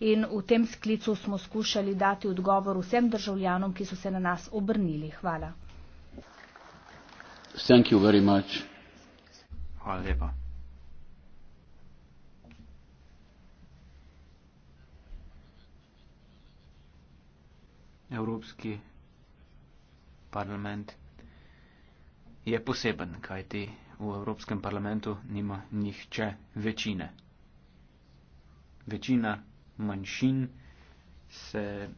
in v tem sklicu smo skušali dati odgovor vsem državljanom, ki so se na nas obrnili. Hvala. Thank you very much. Hvala lepa. Evropski parlament je poseben, kajti v Evropskem parlamentu nima nihče večine. Večina manjšin se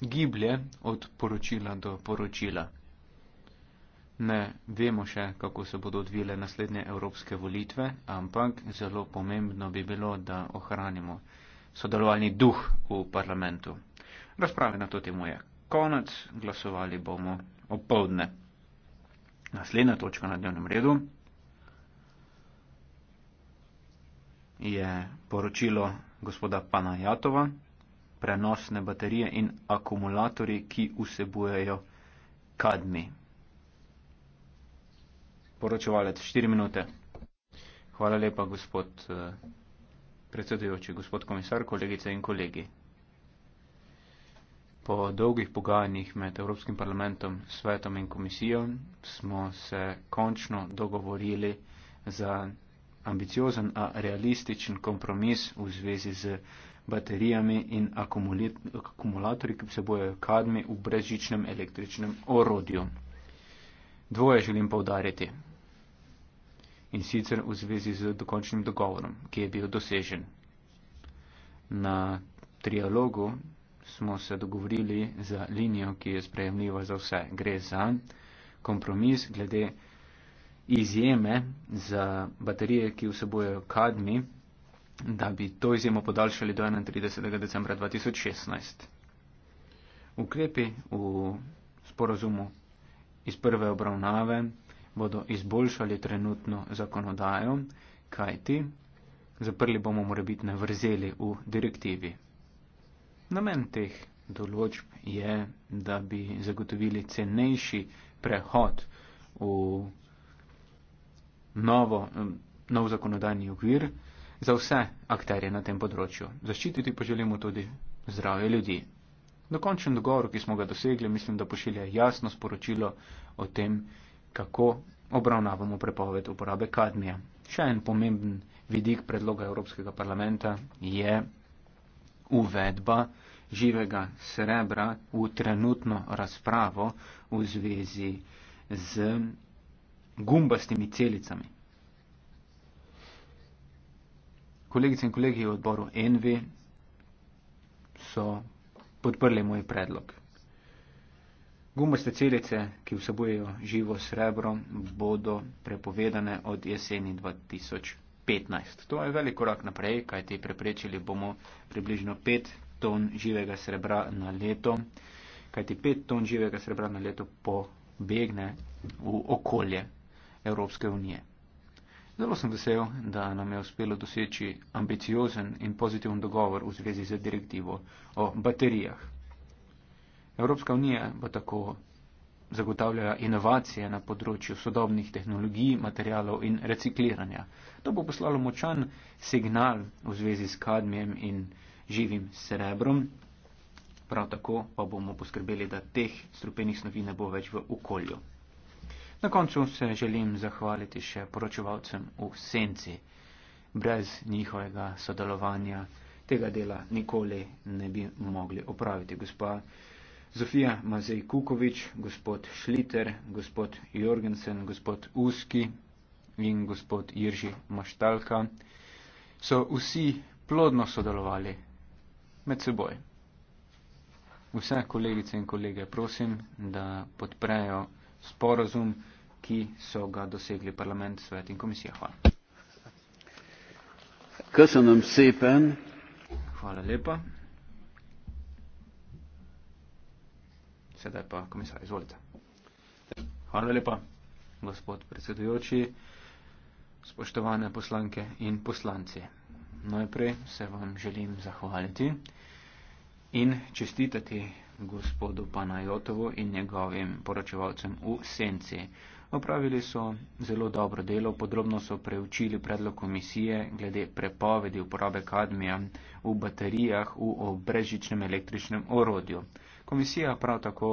giblje od poročila do poročila. Ne vemo še, kako se bodo odvile naslednje evropske volitve, ampak zelo pomembno bi bilo, da ohranimo sodelovalni duh v parlamentu. Razprave na to temo je konec, glasovali bomo opovdne. Naslednja točka na dnevnem redu je poročilo gospoda Panajatova, prenosne baterije in akumulatori, ki vsebujejo kadmi. Poročevalec, 4 minute. Hvala lepa, gospod eh, predsedujoči, gospod komisar, kolegice in kolegi. Po dolgih pogajanjih med Evropskim parlamentom, svetom in komisijo smo se končno dogovorili za ambiciozen, a realističen kompromis v zvezi z baterijami in akumulatorji, ki se bojo kadmi v brezžičnem električnem orodju. Dvoje želim povdariti in sicer v zvezi z dokončnim dogovorom, ki je bil dosežen. Na trialogu smo se dogovorili za linijo, ki je sprejemljiva za vse. Gre za kompromis glede izjeme za baterije, ki vsebojejo kadmi, da bi to izjemo podaljšali do 31. decembra 2016. Ukrepi v sporozumu iz prve obravnave bodo izboljšali trenutno zakonodajo, kajti zaprli bomo morebitne vrzeli v direktivi. Namen teh določb je, da bi zagotovili cenejši prehod v novo, nov zakonodajni okvir za vse akterje na tem področju. Zaščititi pa želimo tudi zdravje ljudi. Dokončen dogovor, ki smo ga dosegli, mislim, da pošilja jasno sporočilo o tem, kako obravnavamo prepoved uporabe kadmija. Še en pomemben vidik predloga Evropskega parlamenta je uvedba živega srebra v trenutno razpravo v zvezi z gumbastimi celicami. Kolegice in kolegi v odboru NV so podprli moj predlog. Gumbaste celice, ki vsebujejo živo srebro, bodo prepovedane od jeseni 2015. To je velik korak naprej, kajti preprečili bomo približno 5 ton živega srebra na leto, kajti 5 ton živega srebra na leto pobegne v okolje. Evropske unije. Zelo sem vesel, da nam je uspelo doseči ambiciozen in pozitiven dogovor v zvezi z direktivo o baterijah. Evropska unija bo tako zagotavljala inovacije na področju sodobnih tehnologij, materijalov in recikliranja. To bo poslalo močan signal v zvezi s kadmijem in živim srebrom. Prav tako pa bomo poskrbeli, da teh strupenih snovi ne bo več v okolju. Na koncu se želim zahvaliti še poročevalcem v senci. Brez njihovega sodelovanja tega dela nikoli ne bi mogli opraviti. Gospa Zofija Mazej Kukovič, gospod Šliter, gospod Jorgensen, gospod Uski in gospod Irži Maštalka so vsi plodno sodelovali med seboj. Vse kolegice in kolege prosim, da podprejo sporozum ki so ga dosegli parlament, svet in komisija. Hvala. Köszönöm szépen. Hvala lepa. Sedaj pa komisar, izvolite. Hvala lepa, gospod predsedujoči, spoštovane poslanke in poslanci. Najprej se vam želim zahvaliti in čestitati gospodu Panajotovu in njegovim poročevalcem v Senci. Opravili so zelo dobro delo, podrobno so preučili predlog komisije glede prepovedi uporabe kadmija v baterijah v obrežičnem električnem orodju. Komisija prav tako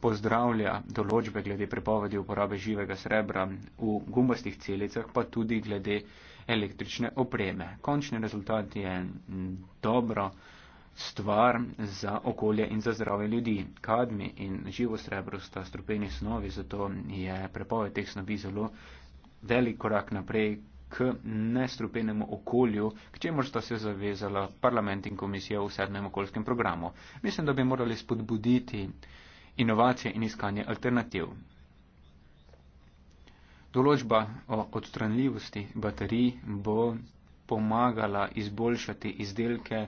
pozdravlja določbe glede prepovedi uporabe živega srebra v gumbastih celicah, pa tudi glede električne opreme. Končni rezultat je dobro stvar za okolje in za zdravje ljudi. Kadmi in živo srebro sta strupeni snovi, zato je prepoved teh snovi zelo velik korak naprej k nestrupenemu okolju, k čemur sta se zavezala parlament in komisija v sedmem okoljskem programu. Mislim, da bi morali spodbuditi inovacije in iskanje alternativ. Določba o odstranljivosti baterij bo pomagala izboljšati izdelke,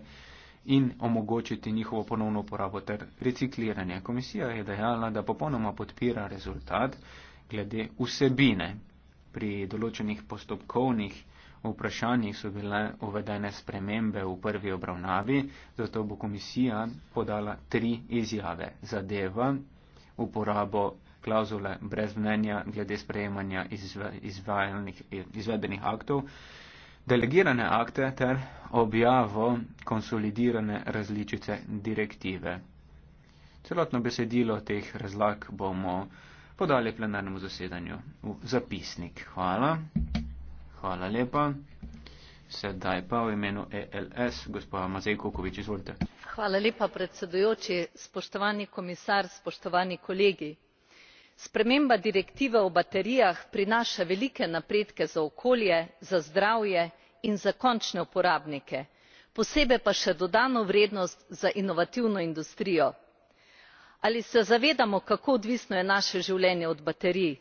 in omogočiti njihovo ponovno uporabo ter recikliranje. Komisija je dejala, da popolnoma podpira rezultat glede vsebine. Pri določenih postopkovnih vprašanjih so bile uvedene spremembe v prvi obravnavi, zato bo komisija podala tri izjave. Zadeva uporabo klauzule brez mnenja glede sprejemanja izvedbenih aktov delegirane akte ter objavo konsolidirane različice direktive. Celotno besedilo teh razlag bomo podali plenarnemu zasedanju v zapisnik. Hvala. Hvala lepa. Sedaj pa v imenu ELS, gospoda Mazej Kukovič, izvolite. Hvala lepa predsedujoči, spoštovani komisar, spoštovani kolegi sprememba direktive o baterijah prinaša velike napredke za okolje za zdravje in za končne uporabnike posebej pa še dodano vrednost za inovativno industrijo. ali se zavedamo kako odvisno je naše življenje od baterij?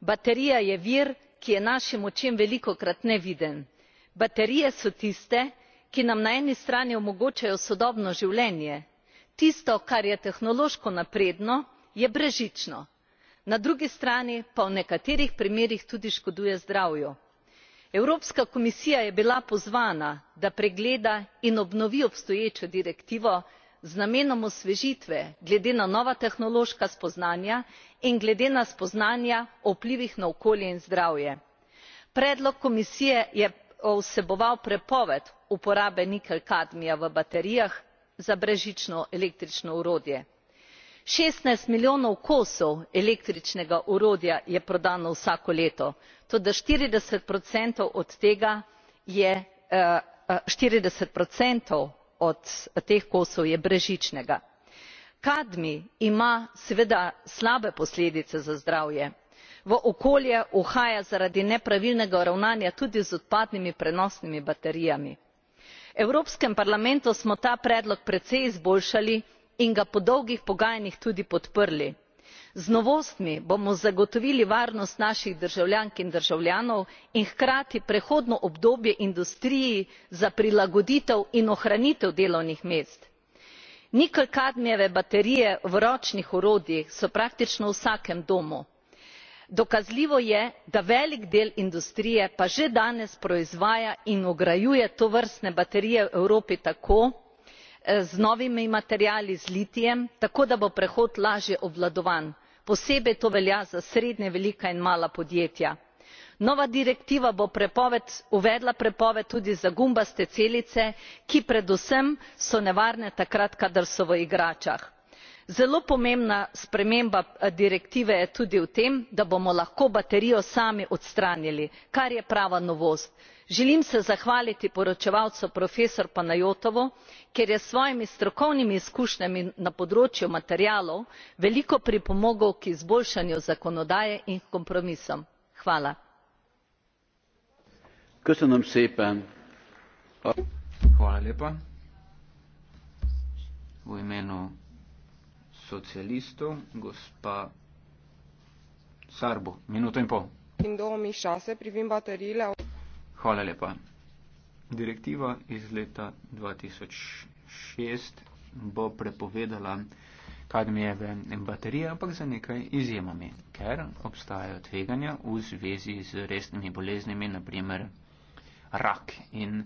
baterija je vir ki je našim očem velikokrat neviden. baterije so tiste ki nam na eni strani omogočajo sodobno življenje tisto kar je tehnološko napredno je brezžično na drugi strani pa v nekaterih primerih tudi škoduje zdravju. evropska komisija je bila pozvana da pregleda in obnovi obstoječo direktivo z namenom osvežitve glede na nova tehnološka spoznanja in glede na spoznanja o vplivih na okolje in zdravje. predlog komisije je vseboval prepoved uporabe nikelkadmija v baterijah za brezžično električno orodje šestnajst milijonov kosov električnega orodja je prodano vsako leto toda štirideset od tega je eh, eh, štirideset od teh kosov je brezžičnega. kadmij ima seveda slabe posledice za zdravje v okolje uhaja zaradi nepravilnega ravnanja tudi z odpadnimi prenosnimi baterijami. v evropskem parlamentu smo ta predlog precej izboljšali in ga po dolgih pogajanjih tudi podprli. z novostmi bomo zagotovili varnost naših državljank in državljanov in hkrati prehodno obdobje industriji za prilagoditev in ohranitev delovnih mest. nikelj kadmijeve baterije v ročnih orodjih so praktično v vsakem domu. dokazljivo je da velik del industrije pa že danes proizvaja in vgrajuje tovrstne baterije v evropi tako Eh, z novimi materiali z litijem tako da bo prehod lažje obvladovan posebej to velja za srednje velika in mala podjetja. nova direktiva bo uvedla prepoved tudi za gumbaste celice ki predvsem so nevarne takrat kadar so v igračah. zelo pomembna sprememba eh, direktive je tudi v tem da bomo lahko baterijo sami odstranili kar je prava novost želim se zahvaliti poročevalcu profesor panayotovu ker je s svojimi strokovnimi izkušnjami na področju materialov veliko pripomogel k izboljšanju zakonodaje in h kompromisom. Hvala lepa. Direktiva iz leta 2006 bo prepovedala kadmijeve baterije, ampak za nekaj izjemami, ker obstajajo tveganja v zvezi z resnimi boleznimi, naprimer rak in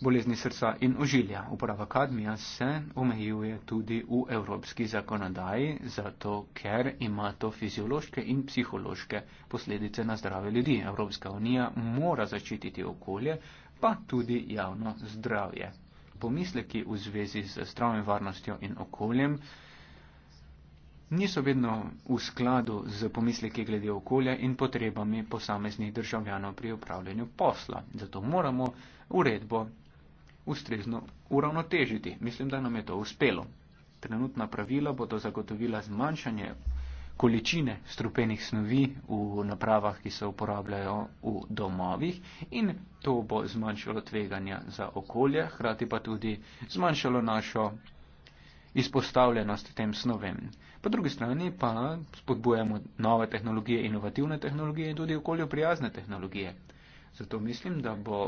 bolezni srca in ožilja. Uporaba kadmija se omejuje tudi v evropski zakonodaji, zato ker ima to fiziološke in psihološke posledice na zdrave ljudi. Evropska unija mora zaščititi okolje, pa tudi javno zdravje. Pomisleki v zvezi z zdravjem, varnostjo in okoljem niso vedno v skladu z pomisleki glede okolja in potrebami posameznih državljanov pri upravljanju posla. Zato moramo uredbo ustrezno uravnotežiti. Mislim, da nam je to uspelo. Trenutna pravila bodo zagotovila zmanjšanje količine strupenih snovi v napravah, ki se uporabljajo v domovih in to bo zmanjšalo tveganja za okolje, hkrati pa tudi zmanjšalo našo izpostavljenost tem snovem. Po drugi strani pa spodbujamo nove tehnologije, inovativne tehnologije in tudi okoljoprijazne tehnologije. Zato mislim, da bo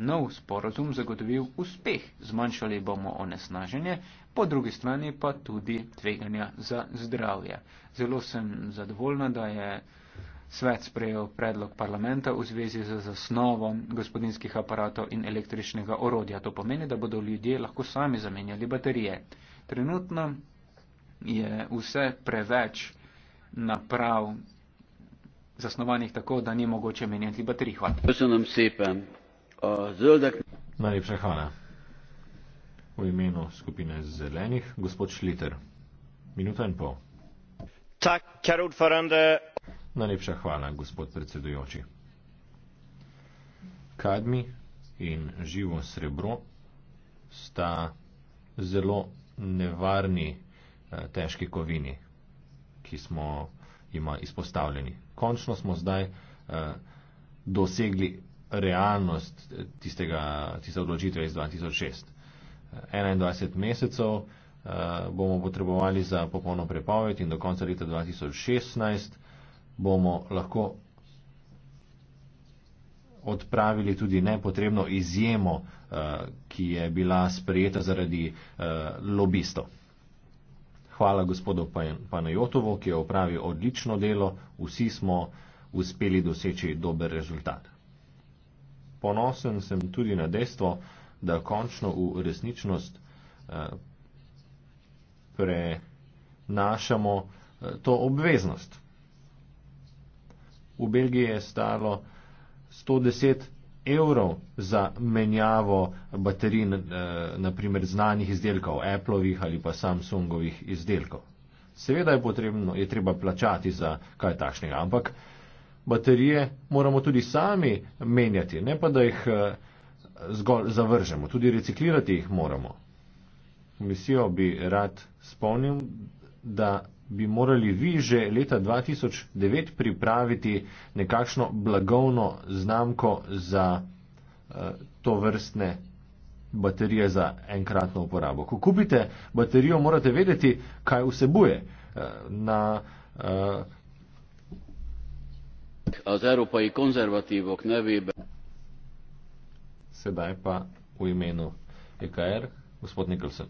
nov sporozum zagotovil uspeh, zmanjšali bomo onesnaženje, po drugi strani pa tudi tveganja za zdravje. Zelo sem zadovoljna, da je svet sprejel predlog parlamenta v zvezi z zasnovo gospodinskih aparatov in električnega orodja. To pomeni, da bodo ljudje lahko sami zamenjali baterije. Trenutno je vse preveč naprav zasnovanih tako, da ni mogoče menjati baterij. Hvala. Najlepša hvala. V imenu skupine zelenih, gospod Šliter, minuta in pol. Najlepša hvala, gospod predsedujoči. Kadmi in živo srebro sta zelo nevarni eh, težki kovini, ki smo jima izpostavljeni. Končno smo zdaj eh, dosegli realnost eh, tistega, tiste odločitve iz 2006. 21 eh, mesecev eh, bomo potrebovali za popolno prepoved in do konca leta 2016 bomo lahko odpravili tudi nepotrebno izjemo, ki je bila sprejeta zaradi lobistov. Hvala gospodu Panajotovu, ki je opravil odlično delo, vsi smo uspeli doseči dober rezultat ponosen sem tudi na dejstvo, da končno v resničnost eh, prenašamo eh, to obveznost. V Belgiji je stalo 110 evrov za menjavo baterij, eh, naprimer znanih izdelkov, Appleovih ali pa Samsungovih izdelkov. Seveda je, potrebno, je treba plačati za kaj takšnega, ampak uh, baterije moramo tudi sami menjati, ne pa da jih eh, zgolj zavržemo, tudi reciklirati jih moramo. Komisijo bi rad spomnil, da bi morali vi že leta 2009 pripraviti nekakšno blagovno znamko za eh, to vrstne baterije za enkratno uporabo. Ko kupite baterijo, morate vedeti, kaj vsebuje. Eh, na az európai konzervatívok nevében. Sedaj pa v imenu EKR, gospod Nikolsen.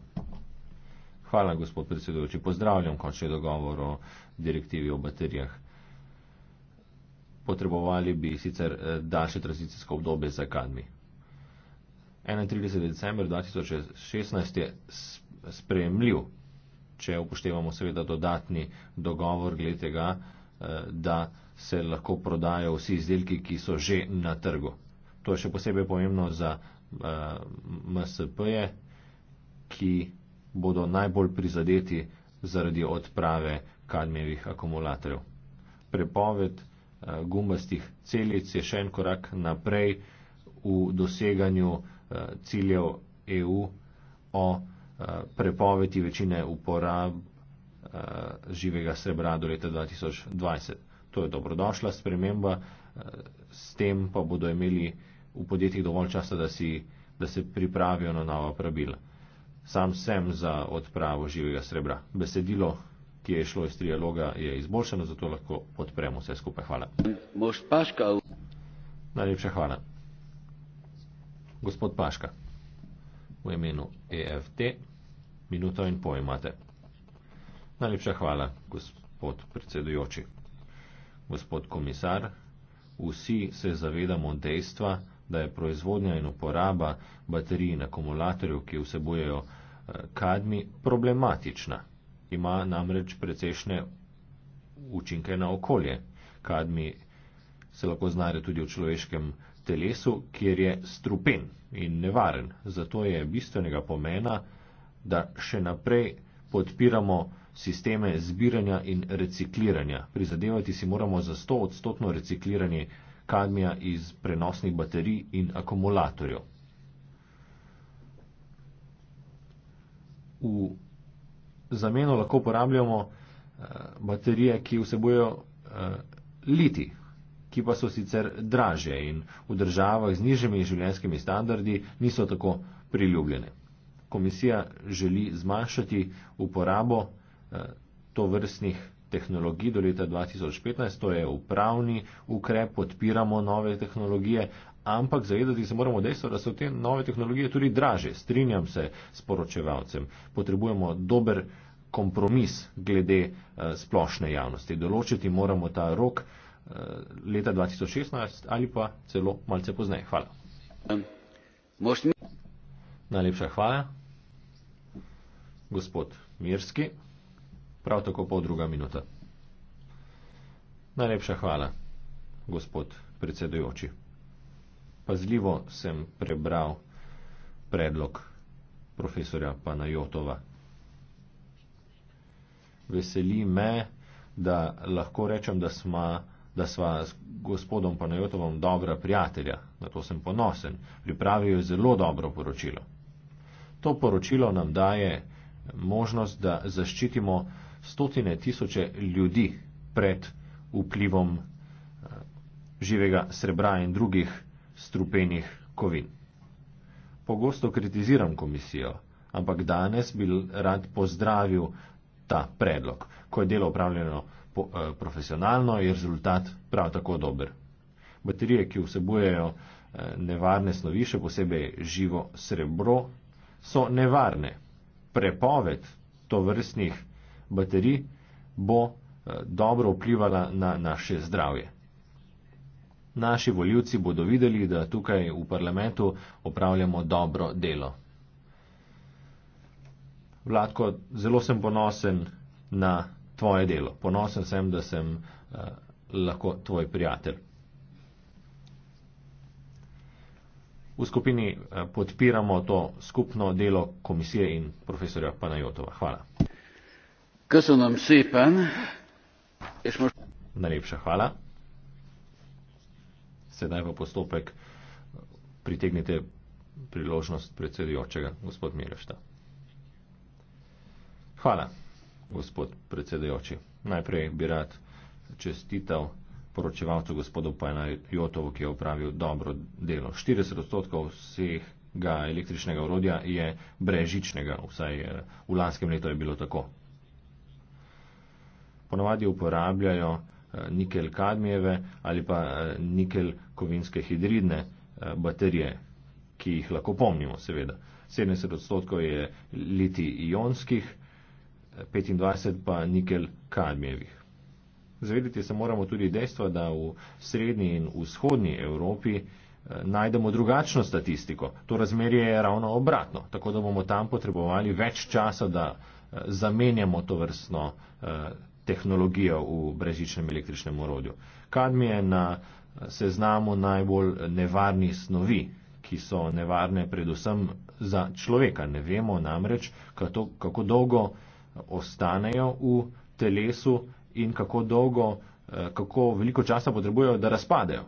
Hvala, gospod predsedujoči. Pozdravljam končni dogovor o direktivi o baterijah. Potrebovali bi sicer eh, daljše tranzicijsko obdobje za kadmi. 31. december 2016 je sprejemljiv, če upoštevamo seveda dodatni dogovor glede tega, Eh, da se lahko prodajo vsi izdelki, ki so že na trgu. To je še posebej pomembno za eh, MSP-je, ki bodo najbolj prizadeti zaradi odprave kadmijevih akumulatorjev. Prepoved eh, gumastih celic je še en korak naprej v doseganju ciljev EU o prepovedi večine uporab, uh, živega srebra do leta 2020. To je dobrodošla sprememba, uh, s tem pa bodo imeli v podjetjih dovolj časa, da, si, da se pripravijo na nova pravila. Sam sem za odpravo živega srebra. Besedilo, ki je šlo iz trialoga, je izboljšano, zato lahko podpremo vse skupaj. Hvala. Najlepša hvala. Gospod Paška, v imenu EFT, minuto in pol imate. Najlepša hvala, gospod predsedujoči. Gospod komisar, vsi se zavedamo dejstva, da je proizvodnja in uporaba baterij in akumulatorjev, ki vsebujejo eh, kadmi, problematična. Ima namreč precejšnje učinke na okolje. Kadmi se lahko znare tudi v človeškem telesu, kjer je strupen in nevaren. Zato je bistvenega pomena, da še naprej podpiramo sisteme zbiranja in recikliranja. Prizadevati si moramo za 100 odstotno recikliranje kadmija iz prenosnih baterij in akumulatorjev. V zameno lahko uporabljamo eh, baterije, ki vsebojo eh, liti, ki pa so sicer draže in v državah z nižjimi življenjskimi standardi niso tako priljubljene. Komisija želi zmanjšati uporabo to vrstnih tehnologij do leta 2015, to je upravni ukrep, podpiramo nove tehnologije, ampak zavedati se moramo dejstva, da so te nove tehnologije tudi draže. Strinjam se s poročevalcem. Potrebujemo dober kompromis glede uh, splošne javnosti. Določiti moramo ta rok uh, leta 2016 ali pa celo malce pozneje. Hvala. Najlepša hvala. Gospod Mirski prav tako pol druga minuta. Najlepša hvala, gospod predsedujoči. Pazljivo sem prebral predlog profesora Panajotova. Veseli me, da lahko rečem, da sva, da sva s gospodom Panajotovom dobra prijatelja, na to sem ponosen. Pripravil je zelo dobro poročilo. To poročilo nam daje možnost, da zaščitimo stotine tisoče ljudi pred vplivom eh, živega srebra in drugih strupenih kovin. Pogosto kritiziram komisijo, ampak danes bi rad pozdravil ta predlog. Ko je delo upravljeno po, eh, profesionalno, je rezultat prav tako dober. Baterije, ki vsebujejo eh, nevarne snovi, še posebej živo srebro, so nevarne. Prepoved to vrstnih baterij, bo eh, dobro vplivala na naše zdravje. Naši voljivci bodo videli, da tukaj v parlamentu opravljamo dobro delo. Vladko, zelo sem ponosen na tvoje delo. Ponosen sem, da sem uh, lahko tvoj prijatelj. V skupini uh, podpiramo to skupno delo komisije in profesorja Panajotova. Hvala. Köszönöm szépen, és most... Najlepša hvala. Sedaj pa postopek pritegnite priložnost predsedujočega, gospod Mirešta. Hvala, gospod predsedujoči. Najprej bi rad čestital poročevalcu gospodu Pajnajotovu, ki je upravil dobro delo. 40 odstotkov vseh ga električnega urodja je brežičnega, vsaj eh, v lanskem letu je bilo tako ponovadi uporabljajo eh, nikel kadmijeve ali pa eh, nikel kovinske hidridne eh, baterije, ki jih lahko pomnimo, seveda. 70 odstotkov je liti ionskih, 25 pa nikel kadmijevih. Zavedati se moramo tudi dejstva, da v srednji in vzhodnji Evropi najdemo drugačno statistiko. To razmerje je ravno obratno, tako da bomo tam potrebovali več časa, da zamenjamo to vrstno tehnologija v brezičnem električnem orodju. Kadmij je na seznamu najbolj nevarnih snovi, ki so nevarne predvsem za človeka. Ne vemo namreč, kato, kako dolgo ostanejo v telesu in kako dolgo, eh, kako veliko časa potrebujejo, da razpadejo.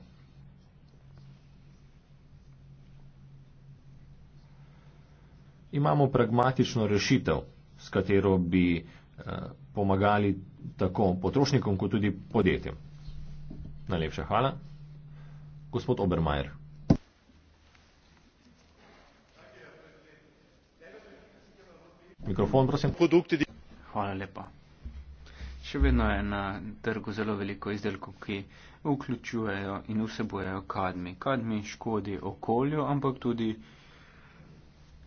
Imamo pragmatično rešitev, s katero bi eh, pomagali tako potrošnikom, kot tudi podjetjem. Najlepša hvala. Gospod Obermajer. Mikrofon, prosim. Hvala lepa. Še vedno je na trgu zelo veliko izdelkov, ki vključujejo in vsebujejo kadmi. Kadmi škodi okolju, ampak tudi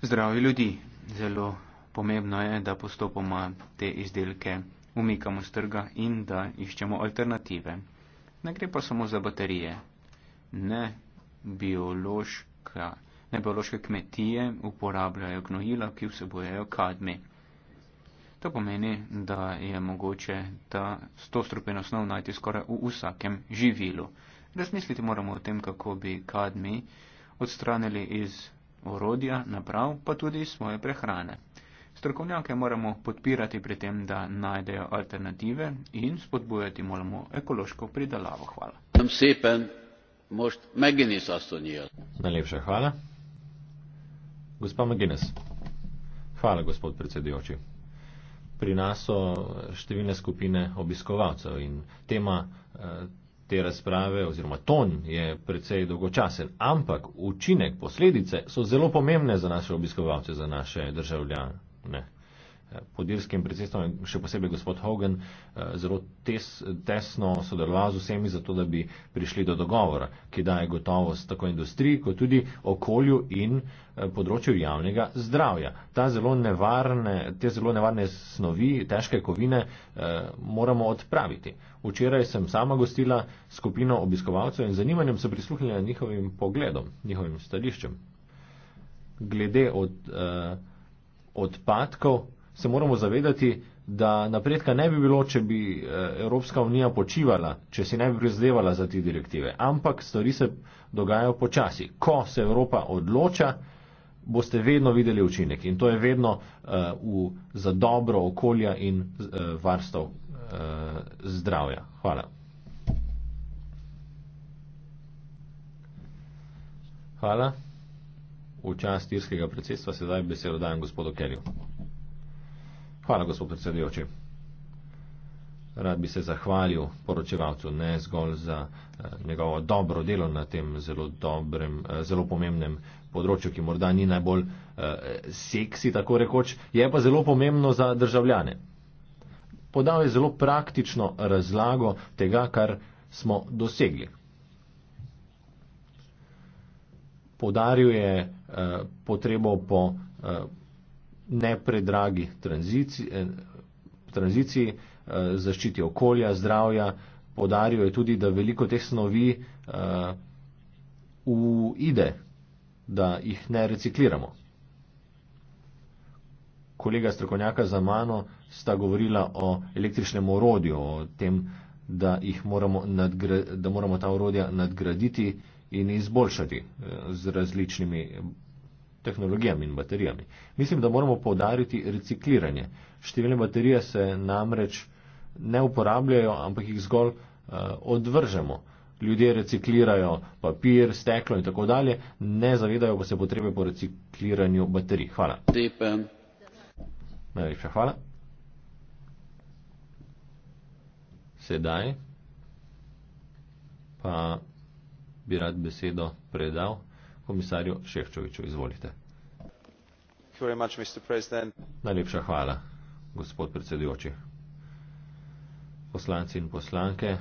zdravju ljudi. Zelo pomembno je, da postopoma te izdelke umikamo z trga in da iščemo alternative. Ne gre pa samo za baterije. Ne biološka, ne biološke kmetije uporabljajo gnojila, ki vsebojejo kadmi. To pomeni, da je mogoče ta stostrupen osnov najti skoraj v vsakem živilu. Razmisliti moramo o tem, kako bi kadmi odstranili iz orodja, naprav, pa tudi iz svoje prehrane. Strokovnjake moramo podpirati pri tem, da najdejo alternative in spodbujati moramo ekološko pridelavo. Hvala. Najlepša hvala. Gospa McGuinness. Hvala, gospod predsedujoči. Pri nas so številne skupine obiskovalcev in tema eh, te razprave oziroma ton je precej dolgočasen, ampak učinek, posledice so zelo pomembne za naše obiskovalce, za naše državljane ne. Pod irskim predsedstvom, še posebej gospod Hogan, eh, zelo tes, tesno sodeloval z vsemi, zato da bi prišli do dogovora, ki daje gotovost tako industriji, kot tudi okolju in eh, področju javnega zdravja. Ta zelo nevarne, te zelo nevarne snovi, težke kovine eh, moramo odpraviti. Včeraj sem sama gostila skupino obiskovalcev in zanimanjem se prisluhnila njihovim pogledom, njihovim stališčem. Glede od. Uh, odpadkov, se moramo zavedati, da napredka ne bi bilo, če bi eh, Evropska unija počivala, če si ne bi prizadevala za te direktive. Ampak stvari se dogajajo počasi. Ko se Evropa odloča, boste vedno videli učinek in to je vedno uh, v, za dobro okolja in uh, eh, varstov uh, zdravja. Hvala. Hvala. V čas tirskega predsedstva sedaj besedo dajem gospodu Kerju. Hvala, gospod predsedujoči. Rad bi se zahvalil poročevalcu ne zgolj za eh, njegovo dobro delo na tem zelo dobrem, eh, zelo pomembnem področju, ki morda ni najbolj eh, seksi, tako rekoč, je pa zelo pomembno za državljane. Podal je zelo praktično razlago tega, kar smo dosegli. Podaril je Eh, potrebo po eh, nepredragi eh, tranziciji, tranziciji zaščiti okolja, zdravja. Podaril je tudi, da veliko teh snovi uide, da jih ne recikliramo. Kolega strokovnjaka za mano sta govorila o električnem orodju, o tem, da, moramo, nadgra, da moramo ta orodja nadgraditi in izboljšati eh, z različnimi tehnologijami in baterijami. Mislim, da moramo povdariti recikliranje. Številne baterije se namreč ne uporabljajo, ampak jih zgolj eh, odvržemo. Ljudje reciklirajo papir, steklo in tako dalje, ne zavedajo pa se potrebe po recikliranju baterij. Hvala. Najlepša hvala. Sedaj pa bi rad besedo predal komisarju Šehčoviču. Izvolite. Much, Najlepša hvala, gospod predsedujoči. Poslanci in poslanke,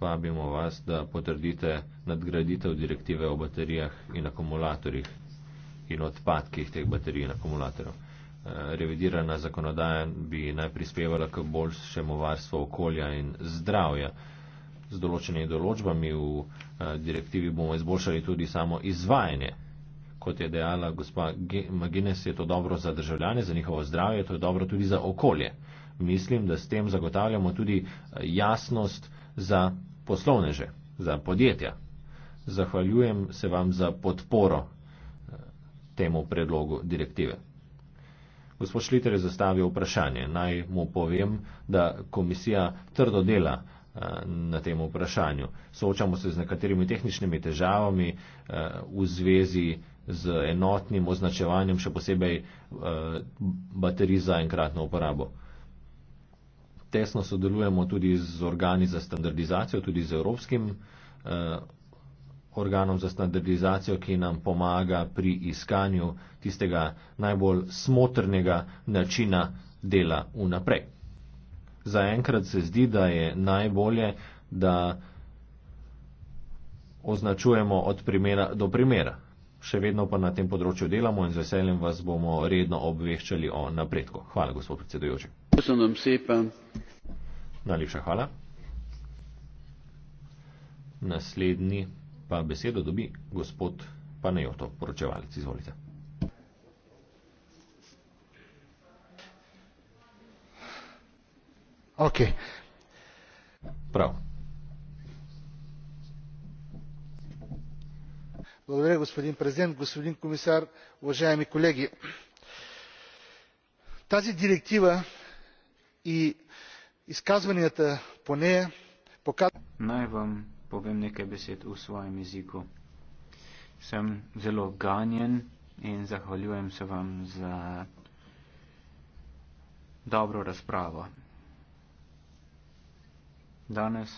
vabimo vas, da potrdite nadgraditev direktive o baterijah in akumulatorjih in odpadkih teh baterij in akumulatorjev. Eh, revidirana zakonodaja bi naj prispevala k boljšemu varstvu okolja in zdravja z določenimi določbami v eh, direktivi bomo izboljšali tudi samo izvajanje. Kot je dejala gospa Magines, je to dobro za državljane, za njihovo zdravje, to je dobro tudi za okolje. Mislim, da s tem zagotavljamo tudi eh, jasnost za poslovneže, za podjetja. Zahvaljujem se vam za podporo eh, temu predlogu direktive. Gospod Šliter je zastavil vprašanje. Naj mu povem, da komisija trdo dela Eh, na tem vprašanju. Soočamo se z nekaterimi tehničnimi težavami eh, v zvezi z enotnim označevanjem, še posebej eh, baterij za enkratno uporabo. Tesno sodelujemo tudi z organi za standardizacijo, tudi z evropskim organom za standardizacijo, ki nam pomaga pri iskanju tistega najbolj smotrnega načina dela vnaprej zaenkrat se zdi, da je najbolje, da označujemo od primera do primera. Še vedno pa na tem področju delamo in z veseljem vas bomo redno obveščali o napredku. Hvala, gospod predsedujoči. Najlepša hvala. Naslednji pa besedo dobi gospod Panejoto, poročevalec. Izvolite. Ok. Prav. Благодаря, господин президент, господин комисар, уважаеми колеги. Тази директива и изказванията по нея показват. Най вам повем некай бесед у своем езику. Съм зело ганен и захвалюем се вам за добро разправо danes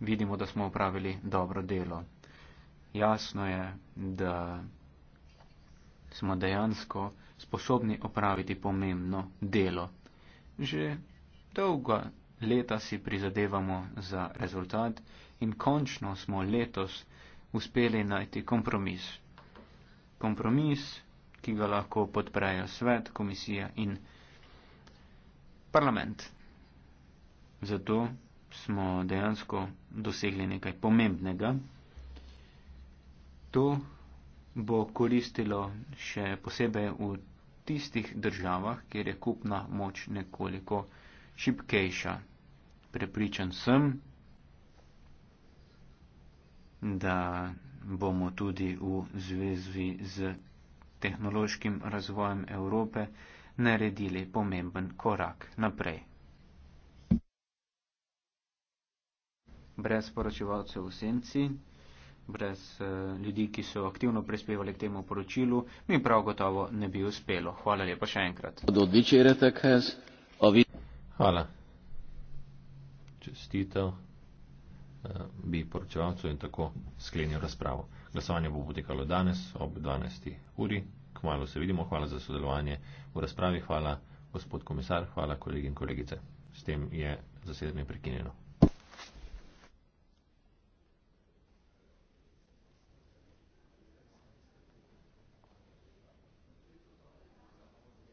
vidimo, da smo upravili dobro delo. Jasno je, da smo dejansko sposobni opraviti pomembno delo. Že dolga leta si prizadevamo za rezultat in končno smo letos uspeli najti kompromis. Kompromis, ki ga lahko podprejo svet, komisija in parlament. Zato smo dejansko dosegli nekaj pomembnega. To bo koristilo še posebej v tistih državah, kjer je kupna moč nekoliko šipkejša. Prepričan sem, da bomo tudi v zvezi z tehnološkim razvojem Evrope naredili pomemben korak naprej. brez poročevalcev v senci, brez uh, ljudi, ki so aktivno prispevali k temu poročilu, mi prav gotovo ne bi uspelo. Hvala lepa še enkrat. Hvala. Čestitev uh, bi poročevalcu in tako sklenil razpravo. Glasovanje bo potekalo danes ob 12. uri. Kmalo se vidimo. Hvala za sodelovanje v razpravi. Hvala, gospod komisar. Hvala, kolegi in kolegice. S tem je zasedanje prekinjeno.